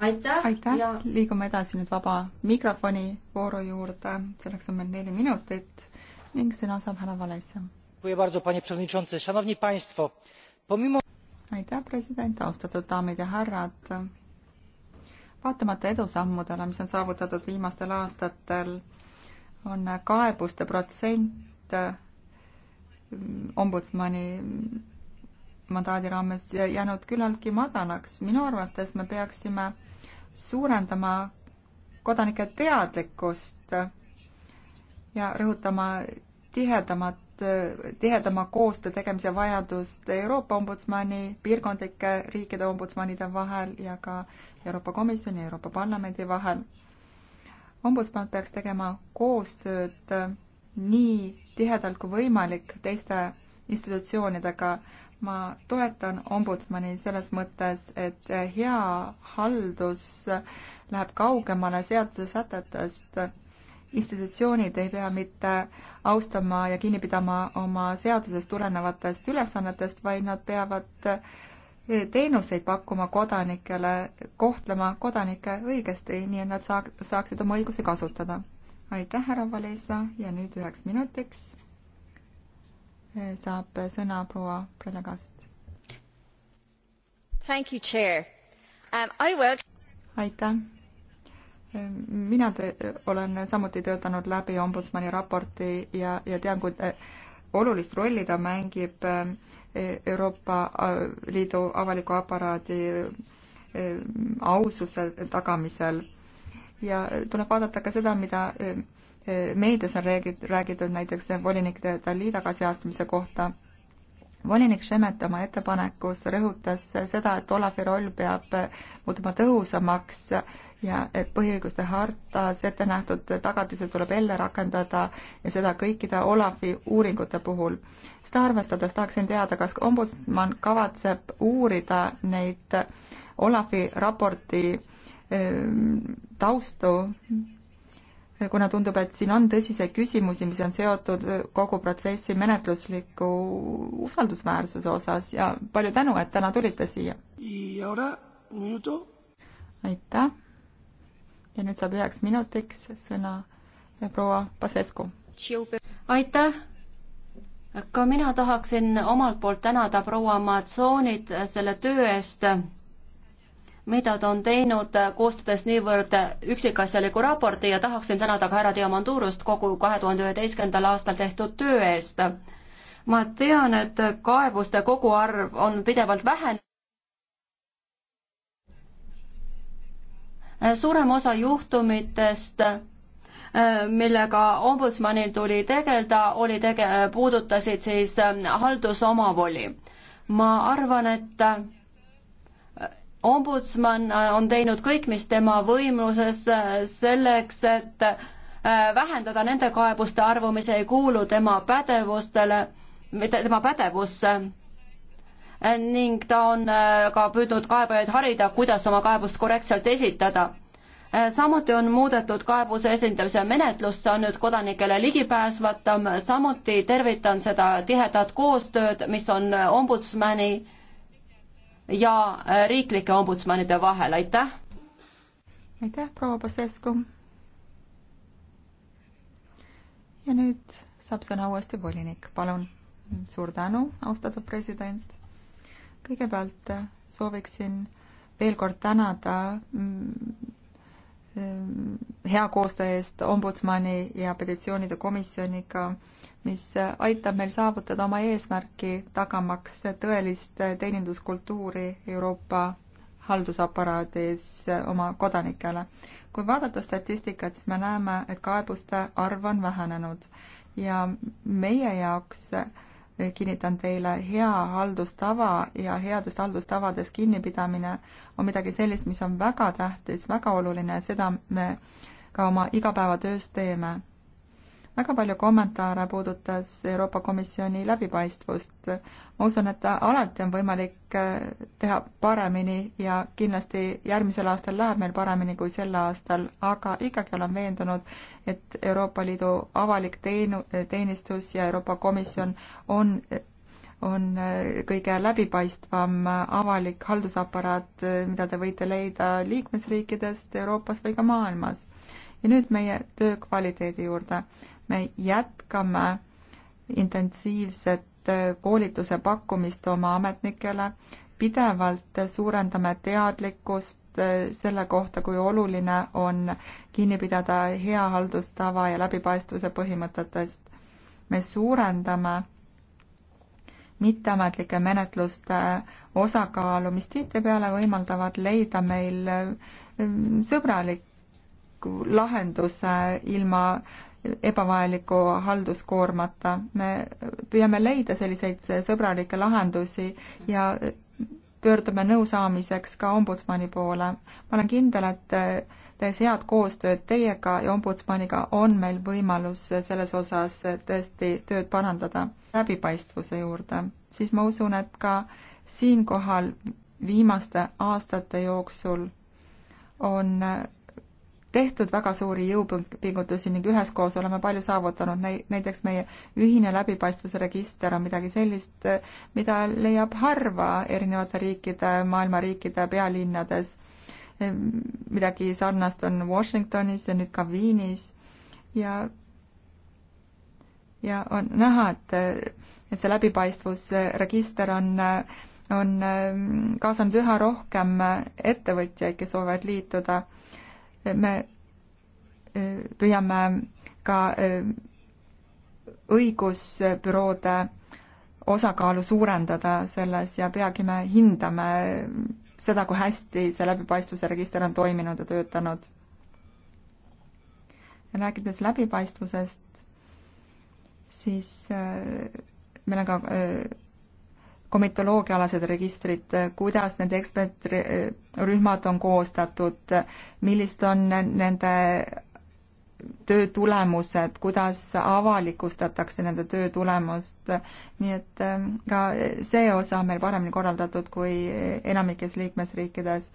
aitäh, aitäh. Ja..., liigume edasi nüüd vaba mikrofoni vooru juurde, selleks on meil neli minutit ning sõna saab härra Valesja pomimo aitäh, president, austatud daamid ja härrad. vaatamata edusammudele, mis on saavutatud viimastel aastatel, on kaebuste protsent mm, ombudsmani mandaadi raames jäänud küllaltki madalaks. minu arvates me peaksime suurendama kodanike teadlikkust ja rõhutama tihedamat Äh, tihedama koostöö tegemise vajadust Euroopa ombudsmani, piirkondlike riikide ombudsmanide vahel ja ka Euroopa Komisjoni ja Euroopa Parlamendi vahel. ombudsman peaks tegema koostööd äh, nii tihedalt kui võimalik teiste institutsioonidega. ma toetan ombudsmani selles mõttes, et äh, hea haldus läheb kaugemale seaduse sätetest institutsioonid ei pea mitte austama ja kinni pidama oma seadusest tulenevatest ülesannetest, vaid nad peavad eh, teenuseid pakkuma kodanikele, kohtlema kodanikke õigesti, nii et nad saak-, saaksid oma õigusi kasutada. aitäh, härra Valesa ja nüüd üheks minutiks eh, saab sõna proua Prelegast. Um, aitäh mina te, olen samuti töötanud läbi ombudsmani raporti ja, ja tean, kui eh, olulist rolli ta mängib eh, Euroopa eh, Liidu avaliku aparaadi aususe tagamisel. ja tuleb vaadata ka seda, mida meedias on räägitud, räägitud näiteks volinik Dalida tagasiastumise kohta volinik Šemet oma ettepanekus rõhutas seda, et Olavi roll peab muutuma tõhusamaks ja et põhiõiguste hartas ette nähtud tagatised tuleb jälle rakendada ja seda kõikide Olavi uuringute puhul. seda arvestades tahaksin teada, kas ombudsman kavatseb uurida neid Olavi raporti ehm, taustu kuna tundub, et siin on tõsiseid küsimusi, mis on seotud kogu protsessi menetlusliku usaldusväärsuse osas ja palju tänu, et täna tulite siia. aitäh. ja nüüd saab üheks minutiks sõna proua Pasescu. aitäh. ka mina tahaksin omalt poolt tänada proua Amazonit selle töö eest mida ta on teinud, äh, koostades niivõrd äh, üksikasjaliku raporti ja tahaksin tänada ka härra Diamandurust kogu kahe tuhande üheteistkümnendal aastal tehtud töö eest. ma tean, et kaebuste koguarv on pidevalt vähenenud. Äh, suurem osa juhtumitest millega ombudsmanil tuli tegeleda, oli tege-, puudutasid siis haldusomavoli. ma arvan, et ombudsman äh, on teinud kõik, mis tema võimuses äh, selleks, et äh, vähendada nende kaebuste arvu, mis ei kuulu tema pädevustele, mitte tema pädevusse. ning ta on ka püüdnud kaebajaid harida, kuidas oma kaebust korrektselt esitada. samuti on muudetud kaebuse esindamise menetlus, see on nüüd kodanikele ligipääsvatam, samuti tervitan seda tihedat koostööd, mis on ombudsmani ja äh, riiklike ombudsmanide vahel, aitäh! aitäh, proua Pasescu! ja nüüd saab sõna uuesti volinik, palun. suur tänu, austatud president. kõigepealt äh, sooviksin veel kord tänada mm, mm, hea koostöö eest ombudsmani ja petitsioonide komisjoniga mis aitab meil saavutada oma eesmärki, tagamaks tõelist teeninduskultuuri Euroopa haldusaparaadis oma kodanikele. kui vaadata statistikat, siis me näeme, et kaebuste arv on vähenenud ja meie jaoks eh, kinnitan teile, hea haldustava ja headest haldustavadest kinnipidamine on midagi sellist, mis on väga tähtis, väga oluline, seda me ka oma igapäevatöös teeme väga palju kommentaare puudutas Euroopa Komisjoni läbipaistvust. ma usun, et alati on võimalik äh, teha paremini ja kindlasti järgmisel aastal läheb meil paremini kui sel aastal, aga ikkagi olen veendunud, et Euroopa Liidu avalik teenu-, teenistus ja Euroopa Komisjon on on äh, kõige läbipaistvam avalik haldusaparaat, mida te võite leida liikmesriikidest, Euroopas või ka maailmas. ja nüüd meie töö kvaliteedi juurde me jätkame intensiivset äh, koolituse pakkumist oma ametnikele, pidevalt suurendame teadlikkust äh, selle kohta, kui oluline on kinni pidada hea haldustava ja läbipaistvuse põhimõtetest. me suurendame mitteametlike menetluste osakaalu, mis tihtipeale võimaldavad leida meil äh, sõbraliku lahenduse ilma ebavajalikku halduskoormata. me püüame leida selliseid sõbralikke lahendusi ja pöördume nõusaamiseks ka ombudsmani poole. ma olen kindel, et tehes head koostööd teiega ja ombudsmaniga, on meil võimalus selles osas tõesti tööd parandada läbipaistvuse juurde. siis ma usun, et ka siinkohal viimaste aastate jooksul on tehtud väga suuri jõupingutusi ning üheskoos oleme palju saavutanud, näiteks meie ühine läbipaistvuse register on midagi sellist, mida leiab harva erinevate riikide, maailma riikide pealinnades. midagi sarnast on Washingtonis ja nüüd ka Viinis ja, ja on näha, et, et see läbipaistvusregister on on kaasanud üha rohkem ettevõtjaid, kes soovivad liituda me e, püüame ka e, õigusbüroode osakaalu suurendada selles ja peagi me hindame seda, kui hästi see läbipaistvuse register on toiminud ja töötanud. rääkides läbipaistvusest, siis e, meil on ka komitoloogiaalased registrid, kuidas need ekspertrühmad on koostatud, millised on nende töö tulemused, kuidas avalikustatakse nende töö tulemust, nii et ähm, ka see osa on meil paremini korraldatud kui enamikes liikmesriikides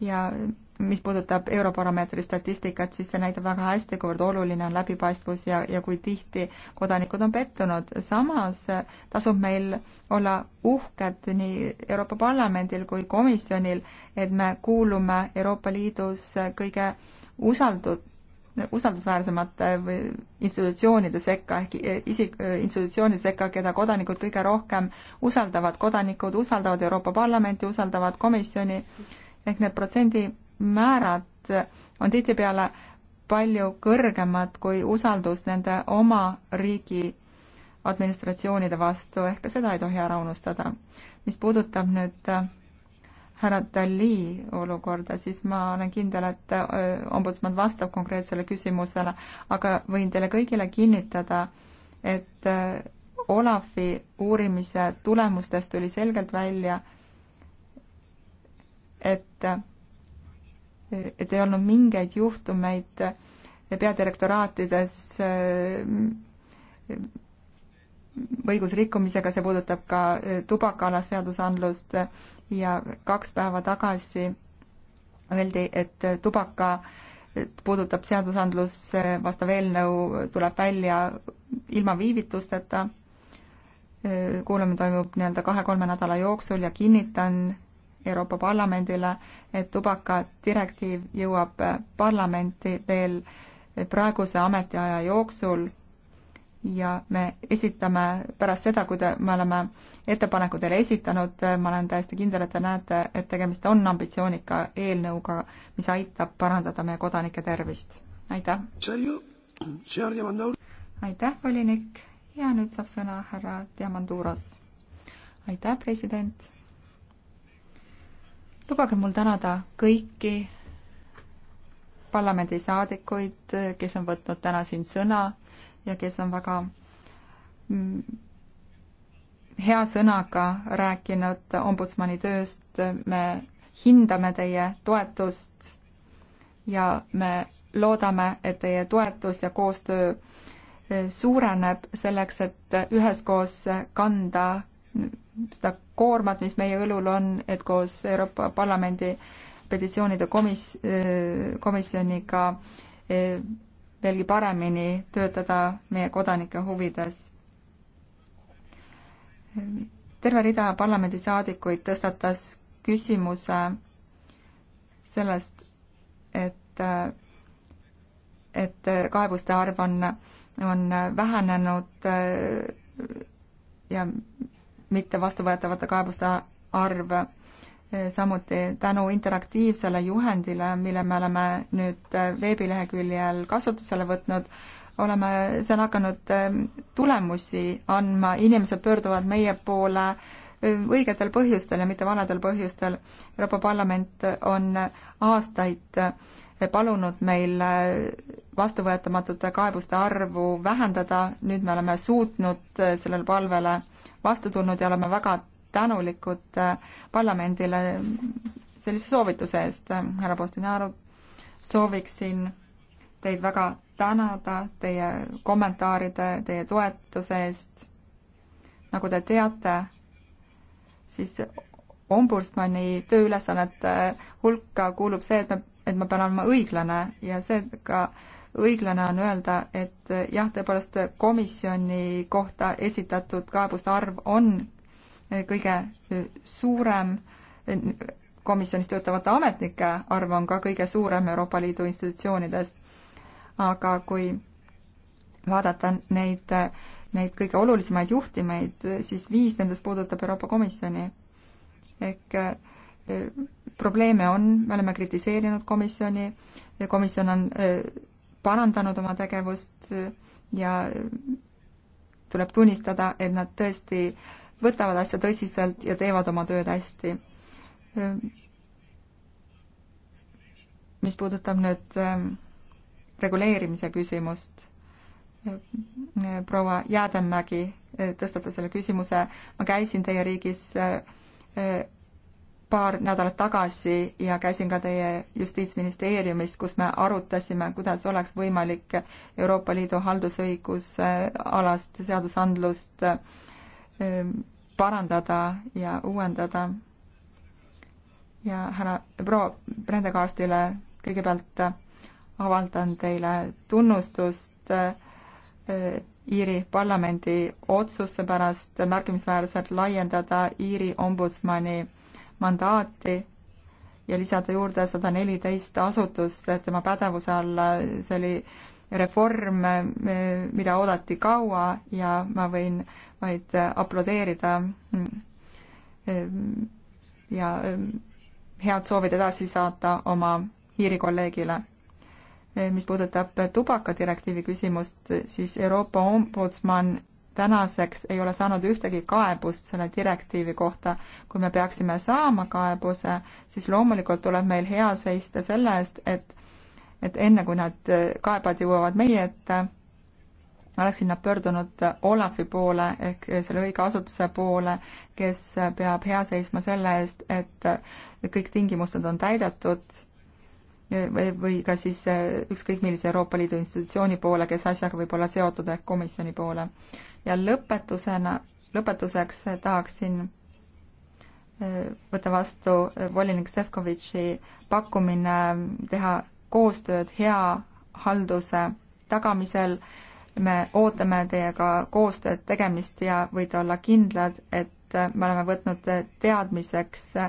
ja mis puudutab Europarameetri statistikat, siis see näitab väga hästi, kuivõrd oluline on läbipaistvus ja, ja kui tihti kodanikud on pettunud. samas tasub meil olla uhked nii Euroopa Parlamendil kui komisjonil, et me kuulume Euroopa Liidus kõige usaldud, usaldusväärsemate või institutsioonide sekka ehk eh, isik, eh, institutsioonide sekka, keda kodanikud kõige rohkem usaldavad. kodanikud usaldavad Euroopa Parlamenti, usaldavad komisjoni mm ehk need protsendimäärad on tihtipeale palju kõrgemad kui usaldus nende oma riigi administratsioonide vastu, ehk ka seda ei tohi ära unustada. mis puudutab nüüd äh, härra Dali olukorda, siis ma olen kindel, et äh, ombudsman vastab konkreetsele küsimusele, aga võin teile kõigile kinnitada, et äh, Olafi uurimise tulemustest tuli selgelt välja, et, et ei olnud mingeid juhtumeid peadirektoraatides äh, õigusrikkumisega, see puudutab ka äh, tubakaalast seadusandlust ja kaks päeva tagasi öeldi, et tubaka puudutab seadusandlus, äh, vastav eelnõu tuleb välja ilma viivitusteta. kuulamine toimub nii-öelda kahe-kolme nädala jooksul ja kinnitan Euroopa Parlamendile, et tubakadirektiiv jõuab äh, parlamenti veel äh, praeguse ametiaja jooksul ja me esitame pärast seda, kui te, me oleme ettepaneku teile esitanud, äh, ma olen täiesti kindel, et te näete, et tegemist on ambitsioonika eelnõuga, mis aitab parandada meie kodanike tervist. aitäh! aitäh, volinik ja nüüd saab sõna härra Diamanduros. aitäh, president! lubage mul tänada kõiki parlamendisaadikuid, kes on võtnud täna siin sõna ja kes on väga mm, hea sõnaga rääkinud ombudsmani tööst. me hindame teie toetust ja me loodame, et teie toetus ja koostöö eh, suureneb selleks, et üheskoos kanda seda koormat, mis meie õlul on, et koos Euroopa Parlamendi petitsioonide komis-, komisjoniga veelgi paremini töötada meie kodanike huvides. terve rida parlamendisaadikuid tõstatas küsimuse sellest, et, et kaebuste arv on, on vähenenud ja mitte vastuvõetavate kaebuste arv. samuti tänu interaktiivsele juhendile, mille me oleme nüüd veebileheküljel kasutusele võtnud, oleme, see on hakanud ehm, tulemusi andma, inimesed pöörduvad meie poole ehm, õigetel põhjustel ja mitte valedel põhjustel. Euroopa Parlament on aastaid äh, olete palunud meil äh, vastuvõetamatute kaebuste arvu vähendada, nüüd me oleme suutnud äh, sellele palvele vastu tulnud ja oleme väga tänulikud äh, parlamendile sellise soovituse eest, härra Postinaru, sooviksin teid väga tänada teie kommentaaride, teie toetuse eest. nagu te teate, siis ombudsmani tööülesannete hulka kuulub see, et me et ma pean olema õiglane ja seega õiglane on öelda, et jah, tõepoolest komisjoni kohta esitatud kaebuste arv on kõige suurem, komisjonis töötavate ametnike arv on ka kõige suurem Euroopa Liidu institutsioonidest, aga kui vaadata neid, neid kõige olulisemaid juhtimeid, siis viis nendest puudutab Euroopa Komisjoni. ehk probleeme on, me oleme kritiseerinud komisjoni ja komisjon on äh, parandanud oma tegevust äh, ja äh, tuleb tunnistada, et nad tõesti võtavad asja tõsiselt ja teevad oma tööd hästi. mis puudutab nüüd ähm, reguleerimise küsimust, proua Jäädemägi tõstatas selle küsimuse, ma käisin teie riigis paar nädalat tagasi ja käisin ka teie Justiitsministeeriumis, kus me arutasime, kuidas oleks võimalik Euroopa Liidu haldusõigusalast äh, seadusandlust äh, ähm, parandada ja uuendada. ja härra proua Brendekaarstile kõigepealt äh, avaldan teile tunnustust Iiri parlamendi otsuse pärast märkimisväärselt laiendada Iiri ombudsmani mandaati ja lisada juurde sada neliteist asutust tema pädevuse alla, see oli reform, mida oodati kaua ja ma võin vaid aplodeerida ja head soovid edasi saata oma Iiri kolleegile. mis puudutab tubakadirektiivi küsimust, siis Euroopa ombudsman tänaseks ei ole saanud ühtegi kaebust selle direktiivi kohta. kui me peaksime saama kaebuse, siis loomulikult tuleb meil hea seista selle eest, et, et enne, kui nad, eh, kaebad jõuavad meie ette, oleksid nad pöördunud Olafi poole ehk selle õige asutuse poole, kes peab hea seisma selle eest, et kõik tingimused on täidetud või, või ka siis äh, ükskõik millise Euroopa Liidu institutsiooni poole, kes asjaga võib olla seotud, ehk komisjoni poole. ja lõpetusena, lõpetuseks tahaksin äh, võtta vastu äh, volinik Sefkovitši pakkumine teha koostööd hea halduse tagamisel. me ootame teiega koostööd tegemist ja võite olla kindlad, et me oleme võtnud teadmiseks äh,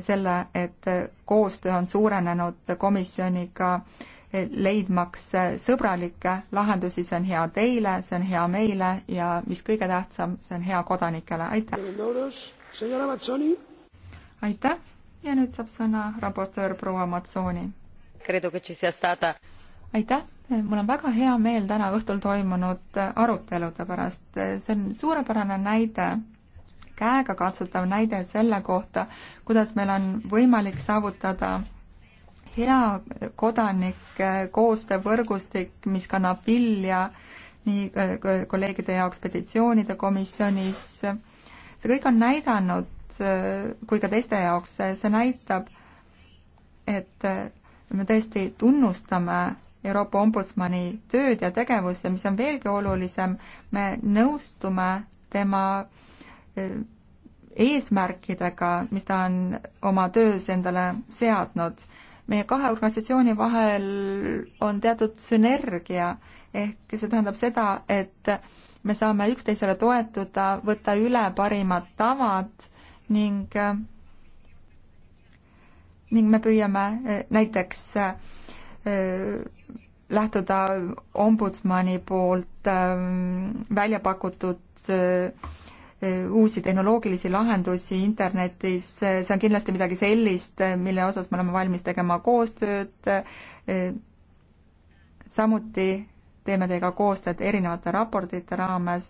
selle, et koostöö on suurenenud komisjoniga, eh, leidmaks eh, sõbralikke lahendusi, see on hea teile, see on hea meile ja mis kõige tähtsam, see on hea kodanikele, aitäh! aitäh ja nüüd saab sõna raportöör proua Matsooni. aitäh, mul on väga hea meel täna õhtul toimunud arutelude pärast, see on suurepärane näide käegakatsutav näide selle kohta, kuidas meil on võimalik saavutada hea kodanike eh, koostöövõrgustik, mis kannab vilja nii eh, kolleegide jaoks petitsioonide komisjonis, see kõik on näidanud, eh, kui ka teiste jaoks, see näitab, et me tõesti tunnustame Euroopa Ombudsmani tööd ja tegevusi ja mis on veelgi olulisem, me nõustume tema eesmärkidega, mis ta on oma töös endale seadnud. meie kahe organisatsiooni vahel on teatud sünergia ehk see tähendab seda, et me saame üksteisele toetuda, võtta üle parimad tavad ning ning me püüame eh, näiteks eh, lähtuda ombudsmani poolt eh, välja pakutud Eh, uusi tehnoloogilisi lahendusi internetis, see on kindlasti midagi sellist, mille osas me oleme valmis tegema koostööd, eh, samuti teeme teiega koostööd erinevate raportite raames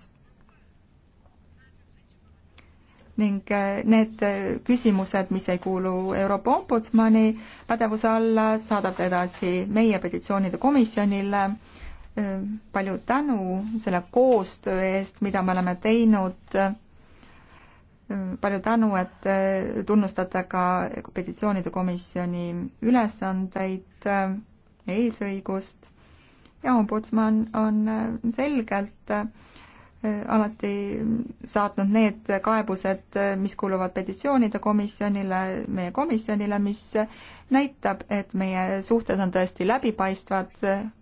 ning eh, need küsimused, mis ei kuulu Euroopa Ombudsmani pädevuse alla, saadab ta edasi meie petitsioonide komisjonile. palju tänu selle koostöö eest, mida me oleme teinud Mm, palju tänu, et äh, tunnustate ka petitsioonide komisjoni ülesandeid, eesõigust äh, ja ombudsman on äh, selgelt Äh, alati saatnud need kaebused, äh, mis kuuluvad petitsioonide komisjonile, meie komisjonile, mis näitab, et meie suhted on tõesti läbipaistvad.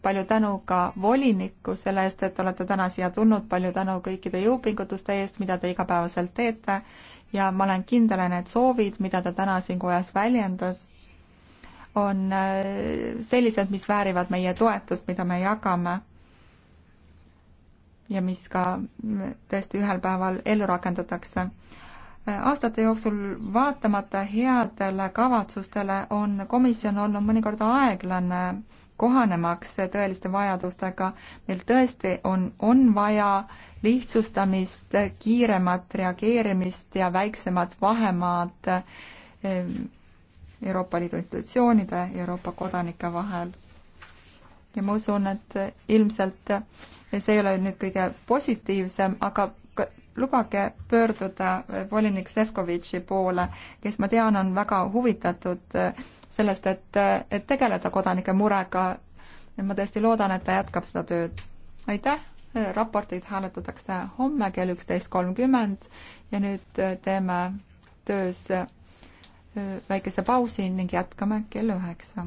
palju tänu ka volinikku selle eest, et olete täna siia tulnud, palju tänu kõikide jõupingutuste eest, mida te igapäevaselt teete ja ma olen kindel, et need soovid, mida ta täna siin kojas väljendas, on äh, sellised, mis väärivad meie toetust, mida me jagame ja mis ka tõesti ühel päeval ellu rakendatakse. aastate jooksul vaatamata headele kavatsustele on komisjon olnud mõnikord aeglane kohanemaks tõeliste vajadustega. meil tõesti on, on vaja lihtsustamist, kiiremat reageerimist ja väiksemad vahemaad ehm, Euroopa Liidu institutsioonide ja Euroopa kodanike vahel. ja ma usun, et ilmselt see ei ole nüüd kõige positiivsem, aga lubage pöörduda äh, volinik Sefkovitši poole, kes ma tean, on väga huvitatud äh, sellest, et, äh, et tegeleda kodanike murega. ma tõesti loodan, et ta jätkab seda tööd. aitäh, raporteid hääletatakse homme kell üksteist kolmkümmend ja nüüd teeme töös väikese pausi ning jätkame kell üheksa.